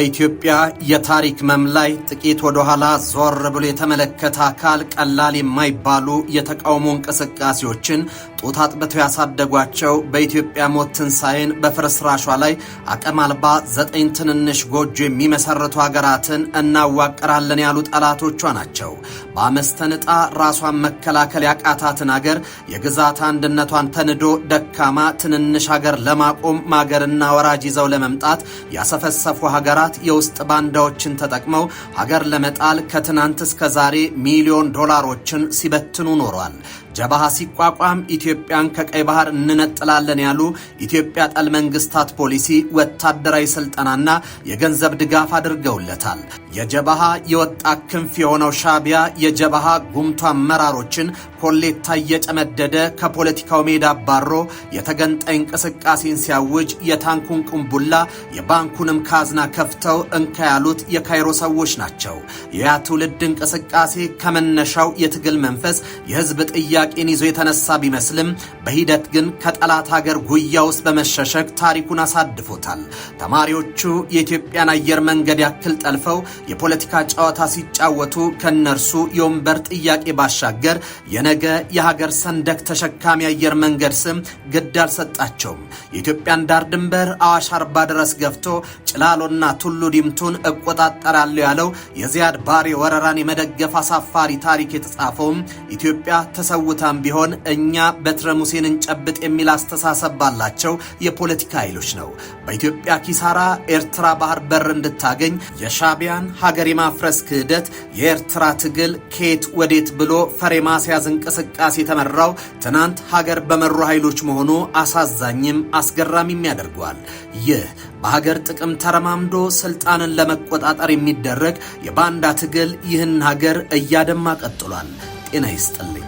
በኢትዮጵያ የታሪክ መም ላይ ጥቂት ወደ ኋላ ዞር ብሎ የተመለከተ አካል ቀላል የማይባሉ የተቃውሞ እንቅስቃሴዎችን ጡት አጥብተው ያሳደጓቸው በኢትዮጵያ ሞት ትንሣኤን በፍርስራሿ ላይ አቅም አልባ ዘጠኝ ትንንሽ ጎጆ የሚመሰርቱ ሀገራትን እናዋቀራለን ያሉ ጠላቶቿ ናቸው። በአመስተንጣ ራሷን መከላከል ያቃታትን አገር የግዛት አንድነቷን ተንዶ ደካማ ትንንሽ ሀገር ለማቆም ማገርና ወራጅ ይዘው ለመምጣት ያሰፈሰፉ ሀገራት መንግስታት የውስጥ ባንዳዎችን ተጠቅመው ሀገር ለመጣል ከትናንት እስከ ዛሬ ሚሊዮን ዶላሮችን ሲበትኑ ኖሯል። ጀባሃ ሲቋቋም ኢትዮጵያን ከቀይ ባህር እንነጥላለን ያሉ ኢትዮጵያ ጠል መንግስታት ፖሊሲ ወታደራዊ ስልጠናና የገንዘብ ድጋፍ አድርገውለታል። የጀባሃ የወጣ ክንፍ የሆነው ሻቢያ የጀባሃ ጉምቱ አመራሮችን ኮሌታ እየጨመደደ ከፖለቲካው ሜዳ አባሮ የተገንጣይ እንቅስቃሴን ሲያውጅ የታንኩን ቁምቡላ የባንኩንም ካዝና ከፍተው እንካ ያሉት የካይሮ ሰዎች ናቸው። ያ ትውልድ እንቅስቃሴ ከመነሻው የትግል መንፈስ የህዝብ ጥያቄ አረቄን ይዞ የተነሳ ቢመስልም በሂደት ግን ከጠላት ሀገር ጉያ ውስጥ በመሸሸግ ታሪኩን አሳድፎታል። ተማሪዎቹ የኢትዮጵያን አየር መንገድ ያክል ጠልፈው የፖለቲካ ጨዋታ ሲጫወቱ ከነርሱ የወንበር ጥያቄ ባሻገር የነገ የሀገር ሰንደቅ ተሸካሚ አየር መንገድ ስም ግድ አልሰጣቸውም። የኢትዮጵያን ዳር ድንበር አዋሽ አርባ ድረስ ገፍቶ ጭላሎና ቱሉ ዲምቱን እቆጣጠራለሁ ያለው የዚያድ ባሬ ወረራን የመደገፍ አሳፋሪ ታሪክ የተጻፈውም ኢትዮጵያ ተሰው ሰውታም ቢሆን እኛ በትረ ሙሴን እንጨብጥ የሚል አስተሳሰብ ባላቸው የፖለቲካ ኃይሎች ነው። በኢትዮጵያ ኪሳራ ኤርትራ ባህር በር እንድታገኝ የሻቢያን ሀገር የማፍረስ ክህደት የኤርትራ ትግል ከየት ወዴት ብሎ ፈሬ ማስያዝ እንቅስቃሴ የተመራው ትናንት ሀገር በመሩ ኃይሎች መሆኑ አሳዛኝም አስገራሚም ያደርገዋል። ይህ በሀገር ጥቅም ተረማምዶ ስልጣንን ለመቆጣጠር የሚደረግ የባንዳ ትግል ይህን ሀገር እያደማ ቀጥሏል። ጤና ይስጥልኝ።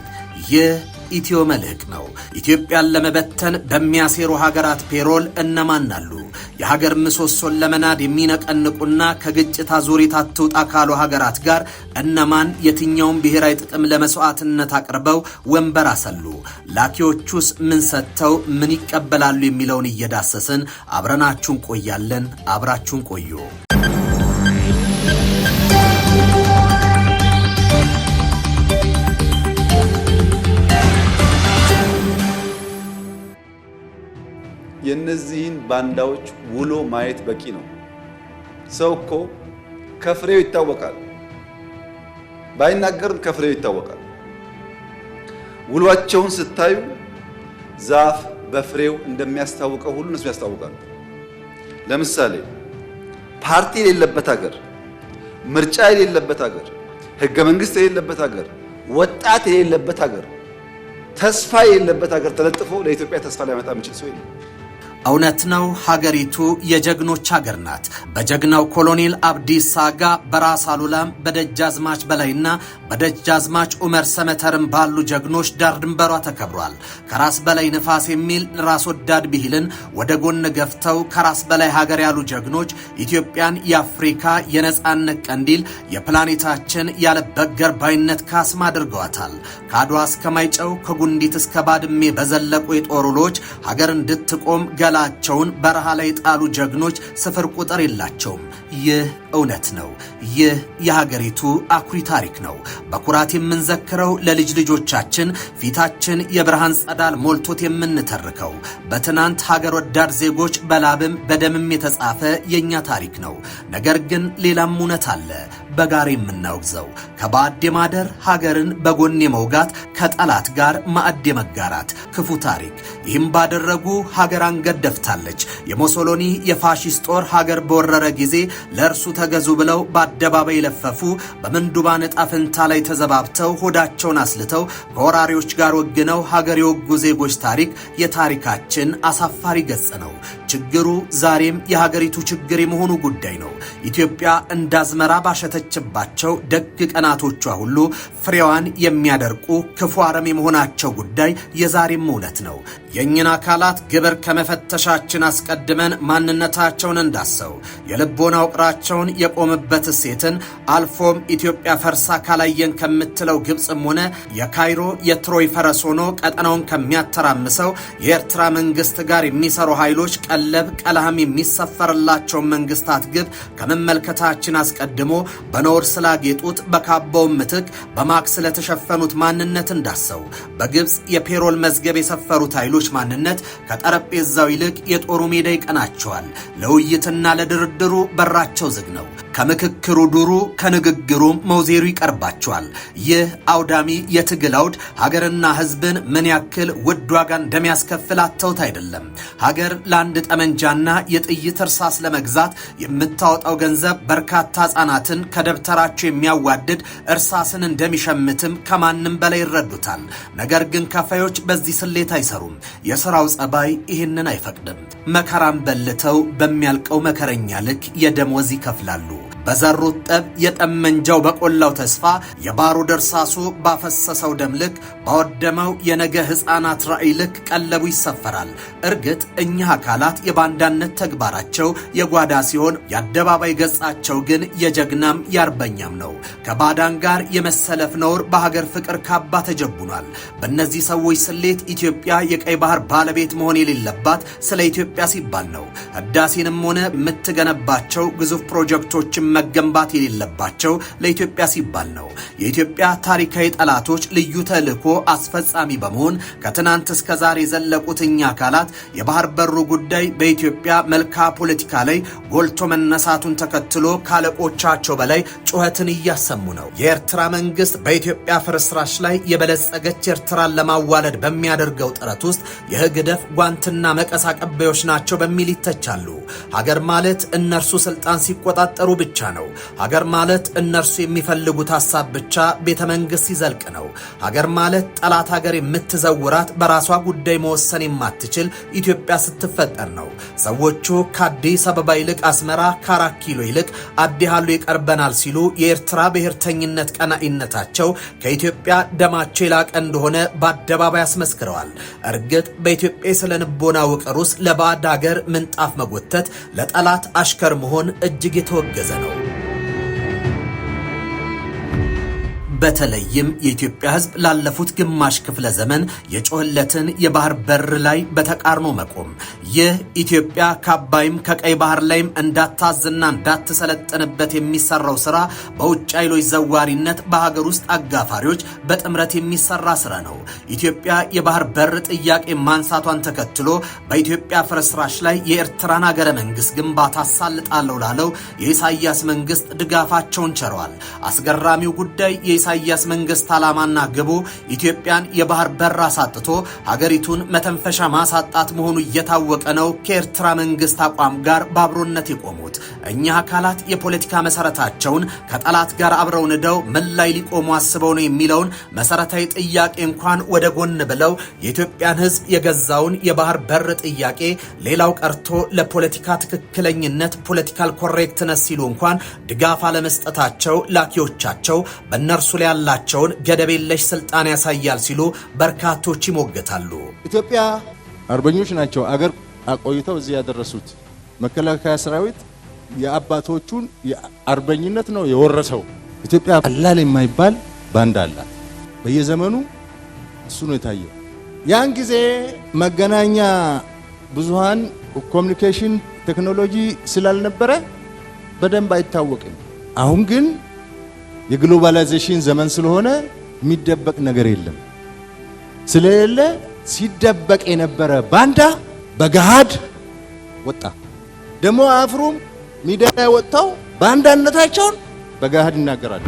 ይህ ኢትዮ ነው። ኢትዮጵያን ለመበተን በሚያሴሩ ሀገራት ፔሮል እነማን አሉ? የሀገር ምሰሶን ለመናድ የሚነቀንቁና ከግጭት አዙሪት አትውጣ ካሉ ሀገራት ጋር እነማን የትኛውን ብሔራዊ ጥቅም ለመስዋዕትነት አቅርበው ወንበር አሰሉ? ላኪዎቹስ ምን ሰጥተው ምን ይቀበላሉ? የሚለውን እየዳሰስን አብረናችሁን ቆያለን። አብራችሁን ቆዩ። የእነዚህን ባንዳዎች ውሎ ማየት በቂ ነው። ሰው እኮ ከፍሬው ይታወቃል፣ ባይናገርም ከፍሬው ይታወቃል። ውሏቸውን ስታዩ ዛፍ በፍሬው እንደሚያስታውቀው ሁሉ እነሱ ያስታውቃል። ለምሳሌ ፓርቲ የሌለበት ሀገር፣ ምርጫ የሌለበት ሀገር፣ ህገ መንግስት የሌለበት ሀገር፣ ወጣት የሌለበት ሀገር፣ ተስፋ የሌለበት ሀገር ተለጥፎ ለኢትዮጵያ ተስፋ ሊያመጣ የሚችል ሰው የለም። እውነት ነው፣ ሀገሪቱ የጀግኖች ሀገር ናት። በጀግናው ኮሎኔል አብዲሳ አጋ፣ በራስ አሉላም፣ በደጃዝማች በላይና በደጃዝማች ኡመር ሰመተርም ባሉ ጀግኖች ዳር ድንበሯ ተከብሯል። ከራስ በላይ ንፋስ የሚል ራስ ወዳድ ብሂልን ወደ ጎን ገፍተው ከራስ በላይ ሀገር ያሉ ጀግኖች ኢትዮጵያን የአፍሪካ የነጻነት ቀንዲል የፕላኔታችን ያለበገር ባይነት ካስማ አድርገዋታል። ከአድዋ እስከ ማይጨው ከጉንዲት እስከ ባድሜ በዘለቁ የጦር ውሎች ሀገር እንድትቆም ገ ገላቸውን በረሃ ላይ ጣሉ ጀግኖች ስፍር ቁጥር የላቸውም። ይህ እውነት ነው። ይህ የሀገሪቱ አኩሪ ታሪክ ነው። በኩራት የምንዘክረው ለልጅ ልጆቻችን ፊታችን የብርሃን ጸዳል ሞልቶት የምንተርከው በትናንት ሀገር ወዳድ ዜጎች በላብም በደምም የተጻፈ የእኛ ታሪክ ነው። ነገር ግን ሌላም እውነት አለ። በጋራ የምናወግዘው። ከባድ የማደር ሀገርን በጎን የመውጋት ከጠላት ጋር ማዕድ የመጋራት ክፉ ታሪክ። ይህም ባደረጉ ሀገር አንገት ደፍታለች። የሞሶሎኒ የፋሽስት ጦር ሀገር በወረረ ጊዜ ለእርሱ ተገዙ ብለው በአደባባይ ለፈፉ። በምንዱባን ዕጣ ፈንታ ላይ ተዘባብተው ሆዳቸውን አስልተው ከወራሪዎች ጋር ወግነው ሀገር የወጉ ዜጎች ታሪክ የታሪካችን አሳፋሪ ገጽ ነው። ችግሩ ዛሬም የሀገሪቱ ችግር የመሆኑ ጉዳይ ነው። ኢትዮጵያ እንደ አዝመራ ባሸተችባቸው ደግ ቀናቶቿ ሁሉ ፍሬዋን የሚያደርቁ ክፉ አረም የመሆናቸው ጉዳይ የዛሬም እውነት ነው። የእኝን አካላት ግብር ከመፈተሻችን አስቀድመን ማንነታቸውን እንዳሰው የልቦና ውቅራቸውን የቆምበት እሴትን አልፎም ኢትዮጵያ ፈርሳ ካላየን ከምትለው ግብፅም ሆነ የካይሮ የትሮይ ፈረስ ሆኖ ቀጠናውን ከሚያተራምሰው የኤርትራ መንግስት ጋር የሚሰሩ ኃይሎች ቀለብ ቀላም የሚሰፈርላቸውን መንግስታት ግብ ከመመልከታችን አስቀድሞ በኖር ስላጌጡት በካባው ምትክ በማክ ስለተሸፈኑት ማንነት እንዳሰው በግብፅ የፔሮል መዝገብ የሰፈሩት ኃይሎች የኃይሎች ማንነት ከጠረጴዛው ይልቅ የጦሩ ሜዳ ይቀናቸዋል። ለውይይትና ለድርድሩ በራቸው ዝግ ነው። ከምክክሩ ዱሩ ከንግግሩ መውዜሩ ይቀርባቸዋል። ይህ አውዳሚ የትግል አውድ ሀገርና ሕዝብን ምን ያክል ውድ ዋጋ እንደሚያስከፍል አተውት አይደለም። ሀገር ለአንድ ጠመንጃና የጥይት እርሳስ ለመግዛት የምታወጣው ገንዘብ በርካታ ሕፃናትን ከደብተራቸው የሚያዋድድ እርሳስን እንደሚሸምትም ከማንም በላይ ይረዱታል። ነገር ግን ከፋዮች በዚህ ስሌት አይሰሩም። የሥራው ጸባይ ይህንን አይፈቅድም። መከራም በልተው በሚያልቀው መከረኛ ልክ የደሞዝ ይከፍላሉ። በዘሩት ጠብ የጠመንጃው በቆላው ተስፋ የባሩ ደርሳሱ ባፈሰሰው ደም ልክ ባወደመው የነገ ሕፃናት ራዕይ ልክ ቀለቡ ይሰፈራል። እርግጥ እኛ አካላት የባንዳነት ተግባራቸው የጓዳ ሲሆን የአደባባይ ገጻቸው ግን የጀግናም ያርበኛም ነው። ከባዳን ጋር የመሰለፍ ነውር በሀገር ፍቅር ካባ ተጀቡኗል። በእነዚህ ሰዎች ስሌት ኢትዮጵያ የቀይ ባህር ባለቤት መሆን የሌለባት ስለ ኢትዮጵያ ሲባል ነው። ህዳሴንም ሆነ የምትገነባቸው ግዙፍ ፕሮጀክቶችን መገንባት የሌለባቸው ለኢትዮጵያ ሲባል ነው። የኢትዮጵያ ታሪካዊ ጠላቶች ልዩ ተልዕኮ አስፈጻሚ በመሆን ከትናንት እስከ ዛሬ የዘለቁት እኛ አካላት የባህር በሩ ጉዳይ በኢትዮጵያ መልካ ፖለቲካ ላይ ጎልቶ መነሳቱን ተከትሎ ካለቆቻቸው በላይ ጩኸትን እያሰሙ ነው። የኤርትራ መንግስት በኢትዮጵያ ፍርስራሽ ላይ የበለጸገች ኤርትራን ለማዋለድ በሚያደርገው ጥረት ውስጥ የህግደፍ ጓንትና መቀስ አቀባዮች ናቸው በሚል ይተቻሉ። ሀገር ማለት እነርሱ ስልጣን ሲቆጣጠሩ ብቻ ነው። ሀገር ማለት እነርሱ የሚፈልጉት ሀሳብ ብቻ ቤተ መንግስት ሲዘልቅ ነው። ሀገር ማለት ጠላት ሀገር የምትዘውራት በራሷ ጉዳይ መወሰን የማትችል ኢትዮጵያ ስትፈጠር ነው። ሰዎቹ ከአዲስ አበባ ይልቅ አስመራ፣ ከአራት ኪሎ ይልቅ አዲ ይቀርበናል ሲሉ የኤርትራ ብሔርተኝነት ቀናኢነታቸው ከኢትዮጵያ ደማቸው የላቀ እንደሆነ በአደባባይ አስመስክረዋል። እርግጥ በኢትዮጵያ የሥነ ልቦና ውቅር ውስጥ ለባዕድ ሀገር ምንጣፍ መጎተት፣ ለጠላት አሽከር መሆን እጅግ የተወገዘ ነው። በተለይም የኢትዮጵያ ሕዝብ ላለፉት ግማሽ ክፍለ ዘመን የጮህለትን የባህር በር ላይ በተቃርኖ መቆም ይህ ኢትዮጵያ ከአባይም ከቀይ ባህር ላይም እንዳታዝና እንዳትሰለጥንበት የሚሰራው ስራ በውጭ ኃይሎች ዘዋሪነት በሀገር ውስጥ አጋፋሪዎች በጥምረት የሚሰራ ስራ ነው። ኢትዮጵያ የባህር በር ጥያቄ ማንሳቷን ተከትሎ በኢትዮጵያ ፍርስራሽ ላይ የኤርትራን ሀገረ መንግስት ግንባታ አሳልጣለሁ ላለው የኢሳያስ መንግስት ድጋፋቸውን ቸረዋል። አስገራሚው ጉዳይ የኢሳ የኢሳያስ መንግስት ዓላማና ግቡ ኢትዮጵያን የባህር በር አሳጥቶ ሀገሪቱን መተንፈሻ ማሳጣት መሆኑ እየታወቀ ነው ከኤርትራ መንግስት አቋም ጋር በአብሮነት የቆሙት እኛ አካላት የፖለቲካ መሰረታቸውን ከጠላት ጋር አብረው ንደው ምን ላይ ሊቆሙ አስበው ነው የሚለውን መሰረታዊ ጥያቄ እንኳን ወደ ጎን ብለው የኢትዮጵያን ህዝብ የገዛውን የባህር በር ጥያቄ ሌላው ቀርቶ ለፖለቲካ ትክክለኝነት ፖለቲካል ኮሬክትነስ ሲሉ እንኳን ድጋፍ አለመስጠታቸው ላኪዎቻቸው በእነርሱ ላይ ያላቸውን ገደብ የለሽ ስልጣን ያሳያል ሲሉ በርካቶች ይሞገታሉ። ኢትዮጵያ አርበኞች ናቸው አገር አቆይተው እዚህ ያደረሱት። መከላከያ ሰራዊት የአባቶቹን አርበኝነት ነው የወረሰው። ኢትዮጵያ ቀላል የማይባል ባንዳ አላት። በየዘመኑ እሱ ነው የታየው። ያን ጊዜ መገናኛ ብዙሃን ኮሚኒኬሽን ቴክኖሎጂ ስላልነበረ በደንብ አይታወቅም። አሁን ግን የግሎባላይዜሽን ዘመን ስለሆነ የሚደበቅ ነገር የለም። ስለሌለ ሲደበቅ የነበረ ባንዳ በገሃድ ወጣ። ደግሞ አፍሩም ሚዲያ ላይ ወጥተው ባንዳነታቸውን በገሃድ ይናገራሉ።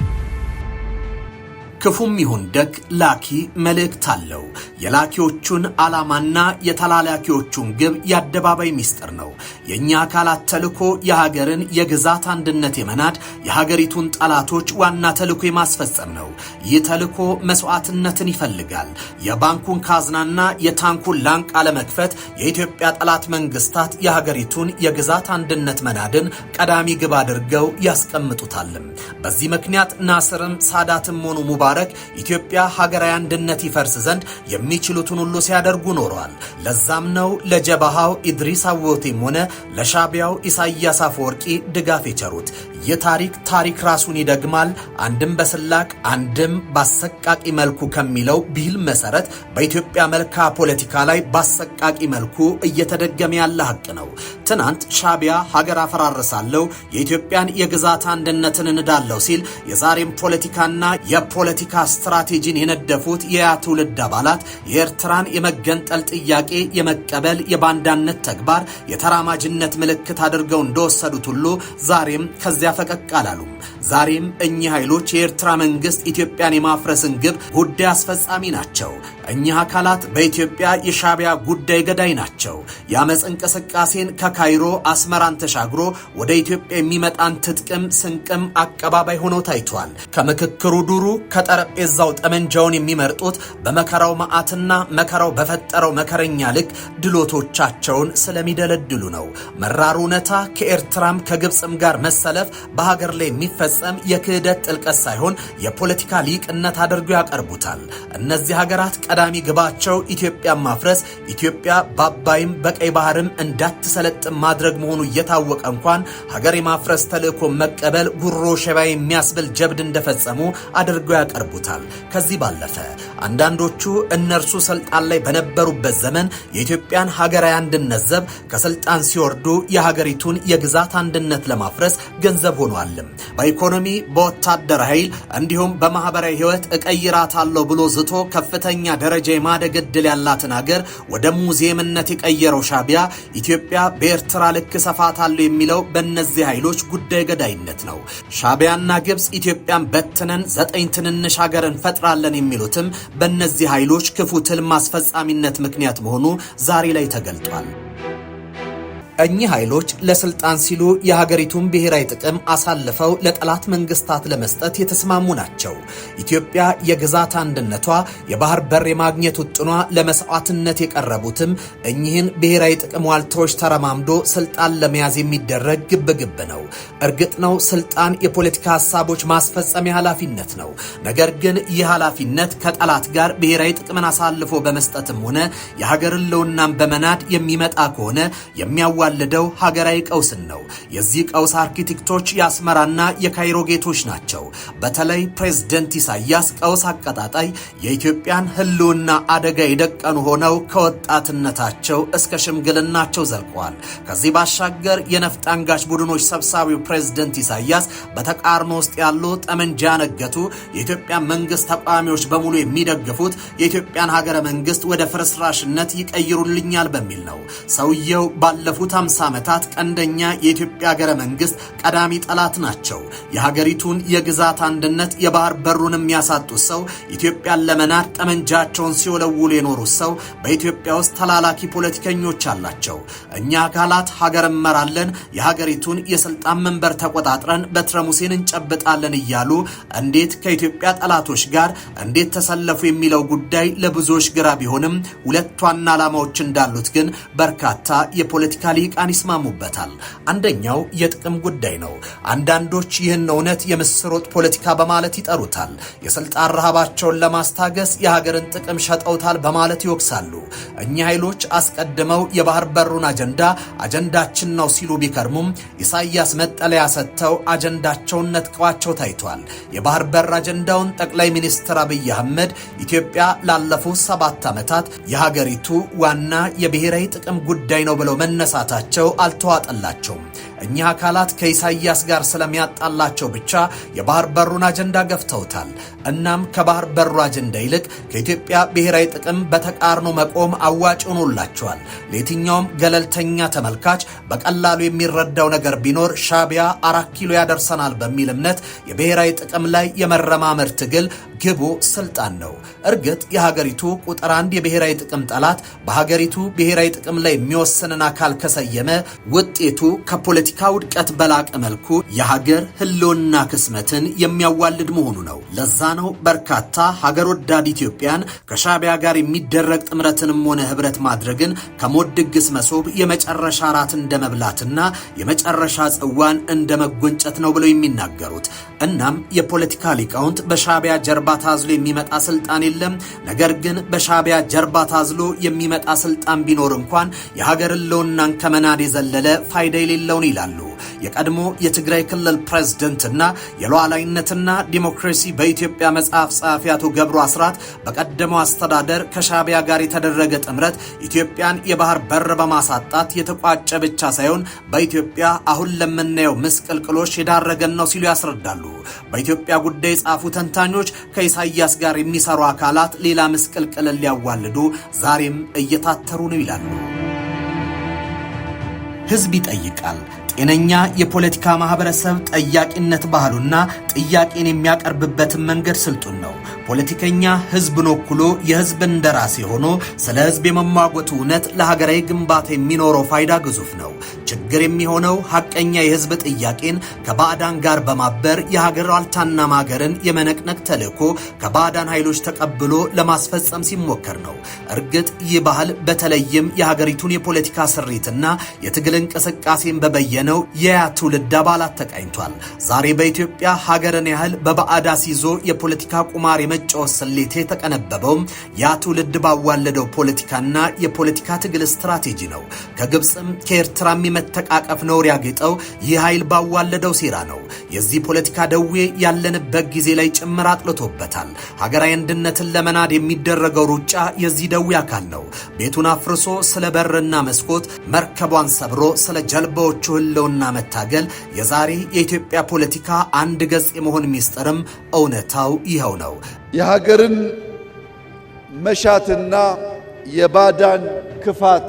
ክፉም ይሁን ደግ ላኪ መልእክት አለው። የላኪዎቹን ዓላማና የተላላኪዎቹን ግብ የአደባባይ ሚስጥር ነው። የእኛ አካላት ተልኮ የሀገርን የግዛት አንድነት የመናድ የሀገሪቱን ጠላቶች ዋና ተልኮ የማስፈጸም ነው። ይህ ተልኮ መስዋዕትነትን ይፈልጋል። የባንኩን ካዝናና የታንኩን ላንቃ ለመክፈት የኢትዮጵያ ጠላት መንግስታት የሀገሪቱን የግዛት አንድነት መናድን ቀዳሚ ግብ አድርገው ያስቀምጡታልም። በዚህ ምክንያት ናስርም ሳዳትም ሆኑ ሙባ መባረክ ኢትዮጵያ ሀገራዊ አንድነት ይፈርስ ዘንድ የሚችሉትን ሁሉ ሲያደርጉ ኖረዋል። ለዛም ነው ለጀባሃው ኢድሪስ አወቴም ሆነ ለሻቢያው ኢሳያስ አፈወርቂ ድጋፍ የቸሩት። የታሪክ ታሪክ ራሱን ይደግማል፣ አንድም በስላቅ አንድም በአሰቃቂ መልኩ ከሚለው ብሂል መሰረት በኢትዮጵያ መልካ ፖለቲካ ላይ በአሰቃቂ መልኩ እየተደገመ ያለ ሀቅ ነው። ትናንት ሻቢያ ሀገር አፈራርሳለሁ፣ የኢትዮጵያን የግዛት አንድነትን እንዳለው ሲል የዛሬም ፖለቲካና የፖለቲካ ስትራቴጂን የነደፉት የያ ትውልድ አባላት የኤርትራን የመገንጠል ጥያቄ የመቀበል የባንዳነት ተግባር የተራማጅነት ምልክት አድርገው እንደወሰዱት ሁሉ ዛሬም ከዚያ ፈቀቅ አላሉም። ዛሬም እኚህ ኃይሎች የኤርትራ መንግስት ኢትዮጵያን የማፍረስን ግብ ጉዳይ አስፈጻሚ ናቸው። እኚህ አካላት በኢትዮጵያ የሻቢያ ጉዳይ ገዳይ ናቸው። የአመፅ እንቅስቃሴን ከካይሮ አስመራን ተሻግሮ ወደ ኢትዮጵያ የሚመጣን ትጥቅም ስንቅም አቀባባይ ሆኖ ታይቷል። ከምክክሩ ዱሩ ከጠረጴዛው ጠመንጃውን የሚመርጡት በመከራው መዓትና መከራው በፈጠረው መከረኛ ልክ ድሎቶቻቸውን ስለሚደለድሉ ነው። መራሩ እውነታ ከኤርትራም ከግብፅም ጋር መሰለፍ በሀገር ላይ የሚፈ የሚፈጸም የክህደት ጥልቀት ሳይሆን የፖለቲካ ሊቅነት አድርገው ያቀርቡታል። እነዚህ ሀገራት ቀዳሚ ግባቸው ኢትዮጵያን ማፍረስ፣ ኢትዮጵያ በአባይም በቀይ ባህርም እንዳትሰለጥም ማድረግ መሆኑ እየታወቀ እንኳን ሀገር የማፍረስ ተልእኮ መቀበል ጉሮ ሸባ የሚያስብል ጀብድ እንደፈጸሙ አድርገው ያቀርቡታል። ከዚህ ባለፈ አንዳንዶቹ እነርሱ ስልጣን ላይ በነበሩበት ዘመን የኢትዮጵያን ሀገራዊ አንድነት ዘብ ከስልጣን ሲወርዱ የሀገሪቱን የግዛት አንድነት ለማፍረስ ገንዘብ ሆኗልም። በኢኮኖሚ በወታደር ኃይል እንዲሁም በማህበራዊ ህይወት እቀይራታለሁ ብሎ ዝቶ ከፍተኛ ደረጃ የማደግ ዕድል ያላትን ሀገር ወደ ሙዚየምነት የቀየረው ሻቢያ ኢትዮጵያ በኤርትራ ልክ ሰፋታለሁ የሚለው በእነዚህ ኃይሎች ጉዳይ ገዳይነት ነው። ሻቢያና ግብፅ ኢትዮጵያን በትነን ዘጠኝ ትንንሽ ሀገር እንፈጥራለን የሚሉትም በእነዚህ ኃይሎች ክፉ ትል ማስፈጻሚነት ምክንያት መሆኑ ዛሬ ላይ ተገልጧል። እኚህ ኃይሎች ለስልጣን ሲሉ የሀገሪቱን ብሔራዊ ጥቅም አሳልፈው ለጠላት መንግስታት ለመስጠት የተስማሙ ናቸው። ኢትዮጵያ የግዛት አንድነቷ የባህር በር የማግኘት ውጥኗ ለመስዋዕትነት የቀረቡትም እኚህን ብሔራዊ ጥቅም ዋልታዎች ተረማምዶ ስልጣን ለመያዝ የሚደረግ ግብግብ ነው። እርግጥ ነው ስልጣን የፖለቲካ ሀሳቦች ማስፈጸሚያ ኃላፊነት ነው። ነገር ግን ይህ ኃላፊነት ከጠላት ጋር ብሔራዊ ጥቅምን አሳልፎ በመስጠትም ሆነ የሀገር ለውናም በመናድ የሚመጣ ከሆነ የሚያዋ ያዋለደው ሀገራዊ ቀውስን ነው። የዚህ ቀውስ አርኪቴክቶች የአስመራና የካይሮ ጌቶች ናቸው። በተለይ ፕሬዝደንት ኢሳያስ ቀውስ አቀጣጣይ የኢትዮጵያን ሕልውና አደጋ የደቀኑ ሆነው ከወጣትነታቸው እስከ ሽምግልናቸው ዘልቀዋል። ከዚህ ባሻገር የነፍጥ አንጋች ቡድኖች ሰብሳቢው ፕሬዝደንት ኢሳያስ በተቃርኖ ውስጥ ያሉ ጠመንጃ ያነገቱ የኢትዮጵያ መንግስት ተቃዋሚዎች በሙሉ የሚደግፉት የኢትዮጵያን ሀገረ መንግስት ወደ ፍርስራሽነት ይቀይሩልኛል በሚል ነው። ሰውየው ባለፉት 50 ዓመታት ቀንደኛ የኢትዮጵያ ሀገረ መንግስት ቀዳሚ ጠላት ናቸው። የሀገሪቱን የግዛት አንድነት የባህር በሩን የሚያሳጡት ሰው፣ ኢትዮጵያን ለመናድ ጠመንጃቸውን ሲወለውሉ የኖሩት ሰው በኢትዮጵያ ውስጥ ተላላኪ ፖለቲከኞች አላቸው። እኛ አካላት ሀገር እመራለን፣ የሀገሪቱን የስልጣን መንበር ተቆጣጥረን በትረ ሙሴን እንጨብጣለን እያሉ እንዴት ከኢትዮጵያ ጠላቶች ጋር እንዴት ተሰለፉ የሚለው ጉዳይ ለብዙዎች ግራ ቢሆንም ሁለት ዋና ዓላማዎች እንዳሉት ግን በርካታ የፖለቲካ ሊቃን ይስማሙበታል። አንደኛው የጥቅም ጉዳይ ነው። አንዳንዶች ይህን እውነት የምስር ወጥ ፖለቲካ በማለት ይጠሩታል። የስልጣን ረሃባቸውን ለማስታገስ የሀገርን ጥቅም ሸጠውታል በማለት ይወቅሳሉ። እኚህ ኃይሎች አስቀድመው የባህር በሩን አጀንዳ አጀንዳችን ነው ሲሉ ቢከርሙም ኢሳያስ መጠለያ ሰጥተው አጀንዳቸውን ነጥቀዋቸው ታይቷል። የባህር በር አጀንዳውን ጠቅላይ ሚኒስትር አብይ አህመድ ኢትዮጵያ ላለፉት ሰባት ዓመታት የሀገሪቱ ዋና የብሔራዊ ጥቅም ጉዳይ ነው ብለው መነሳታቸው ጥረታቸው አልተዋጠላቸውም። እኚህ አካላት ከኢሳይያስ ጋር ስለሚያጣላቸው ብቻ የባህር በሩን አጀንዳ ገፍተውታል። እናም ከባህር በሩ አጀንዳ ይልቅ ከኢትዮጵያ ብሔራዊ ጥቅም በተቃርኖ መቆም አዋጭ ሆኖላቸዋል። ለየትኛውም ገለልተኛ ተመልካች በቀላሉ የሚረዳው ነገር ቢኖር ሻቢያ አራት ኪሎ ያደርሰናል በሚል እምነት የብሔራዊ ጥቅም ላይ የመረማመድ ትግል ግቡ ስልጣን ነው። እርግጥ የሀገሪቱ ቁጥር አንድ የብሔራዊ ጥቅም ጠላት በሀገሪቱ ብሔራዊ ጥቅም ላይ የሚወስንን አካል ከሰየመ ውጤቱ ከፖለቲ ውድቀት በላቀ መልኩ የሀገር ህልውና ክስመትን የሚያዋልድ መሆኑ ነው። ለዛ ነው በርካታ ሀገር ወዳድ ኢትዮጵያን ከሻቢያ ጋር የሚደረግ ጥምረትንም ሆነ ህብረት ማድረግን ከሞት ድግስ መሶብ የመጨረሻ ራት እንደመብላትና የመጨረሻ ጽዋን እንደመጎንጨት ነው ብለው የሚናገሩት። እናም የፖለቲካ ሊቃውንት በሻቢያ ጀርባ ታዝሎ የሚመጣ ስልጣን የለም፣ ነገር ግን በሻቢያ ጀርባ ታዝሎ የሚመጣ ስልጣን ቢኖር እንኳን የሀገር ህልውናን ከመናድ የዘለለ ፋይዳ የሌለውን ይላሉ የቀድሞ የትግራይ ክልል ፕሬዝደንትና የሉዓላዊነትና ዲሞክራሲ በኢትዮጵያ መጽሐፍ ጸሐፊ አቶ ገብሩ አስራት በቀደመው አስተዳደር ከሻቢያ ጋር የተደረገ ጥምረት ኢትዮጵያን የባህር በር በማሳጣት የተቋጨ ብቻ ሳይሆን በኢትዮጵያ አሁን ለምናየው ምስቅልቅሎች የዳረገን ነው ሲሉ ያስረዳሉ። በኢትዮጵያ ጉዳይ የጻፉ ተንታኞች ከኢሳያስ ጋር የሚሰሩ አካላት ሌላ ምስቅልቅልን ሊያዋልዱ ዛሬም እየታተሩ ነው ይላሉ። ህዝብ ይጠይቃል። ጤነኛ የፖለቲካ ማህበረሰብ ጠያቂነት ባህሉና ጥያቄን የሚያቀርብበትን መንገድ ስልጡን ነው። ፖለቲከኛ ህዝብን ወክሎ የህዝብ እንደራሴ ሆኖ ስለ ህዝብ የመሟጎት እውነት ለሀገራዊ ግንባታ የሚኖረው ፋይዳ ግዙፍ ነው። ችግር የሚሆነው ሐቀኛ የህዝብ ጥያቄን ከባዕዳን ጋር በማበር የሀገር አልታና ማገርን የመነቅነቅ ተልእኮ ከባዕዳን ኃይሎች ተቀብሎ ለማስፈጸም ሲሞከር ነው። እርግጥ ይህ ባህል በተለይም የሀገሪቱን የፖለቲካ ስሪትና የትግል እንቅስቃሴን በበየነው የያ ትውልድ አባላት ተቃኝቷል። ዛሬ በኢትዮጵያ ሀገርን ያህል በባዕዳ ሲዞ የፖለቲካ ቁማር የመጫወት ስሌት የተቀነበበውም ያ ትውልድ ባዋለደው ፖለቲካና የፖለቲካ ትግል ስትራቴጂ ነው። ከግብፅም ከኤርትራም መተቃቀፍ ነውር ያጌጠው ይህ ኃይል ባዋለደው ሴራ ነው። የዚህ ፖለቲካ ደዌ ያለንበት ጊዜ ላይ ጭምር አጥልቶበታል። ሀገራዊ አንድነትን ለመናድ የሚደረገው ሩጫ የዚህ ደዌ አካል ነው። ቤቱን አፍርሶ ስለ በርና መስኮት፣ መርከቧን ሰብሮ ስለ ጀልባዎቹ ህልውና መታገል የዛሬ የኢትዮጵያ ፖለቲካ አንድ ገጽ የመሆን ሚስጥርም እውነታው ይኸው ነው። የሀገርን መሻትና የባዳን ክፋት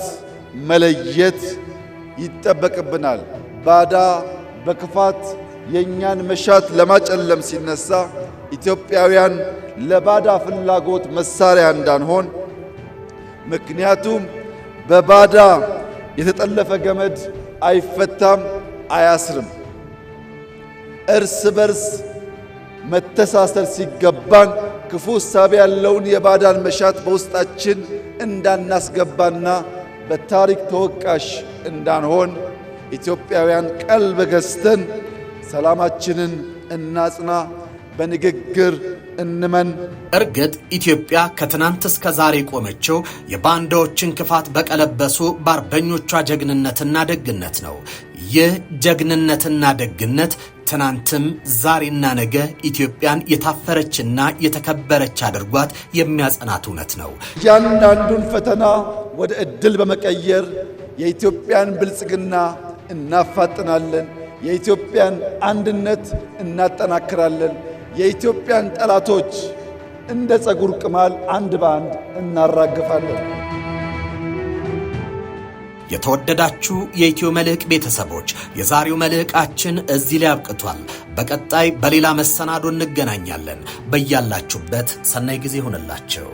መለየት ይጠበቅብናል። ባዳ በክፋት የእኛን መሻት ለማጨለም ሲነሳ ኢትዮጵያውያን ለባዳ ፍላጎት መሳሪያ እንዳንሆን፣ ምክንያቱም በባዳ የተጠለፈ ገመድ አይፈታም፣ አያስርም። እርስ በርስ መተሳሰር ሲገባን ክፉ ሳቢ ያለውን የባዳን መሻት በውስጣችን እንዳናስገባና በታሪክ ተወቃሽ እንዳንሆን ኢትዮጵያውያን ቀልብ ገዝተን ሰላማችንን እናጽና፣ በንግግር እንመን። እርግጥ ኢትዮጵያ ከትናንት እስከ ዛሬ የቆመችው የባንዳዎችን ክፋት በቀለበሱ በአርበኞቿ ጀግንነትና ደግነት ነው። ይህ ጀግንነትና ደግነት ትናንትም ዛሬና ነገ ኢትዮጵያን የታፈረችና የተከበረች አድርጓት የሚያጸናት እውነት ነው። እያንዳንዱን ፈተና ወደ ዕድል በመቀየር የኢትዮጵያን ብልጽግና እናፋጥናለን። የኢትዮጵያን አንድነት እናጠናክራለን። የኢትዮጵያን ጠላቶች እንደ ጸጉር ቅማል አንድ በአንድ እናራግፋለን። የተወደዳችሁ የኢትዮ መልሕቅ ቤተሰቦች የዛሬው መልሕቃችን እዚህ ላይ አብቅቷል። በቀጣይ በሌላ መሰናዶ እንገናኛለን። በያላችሁበት ሰናይ ጊዜ ሆነላቸው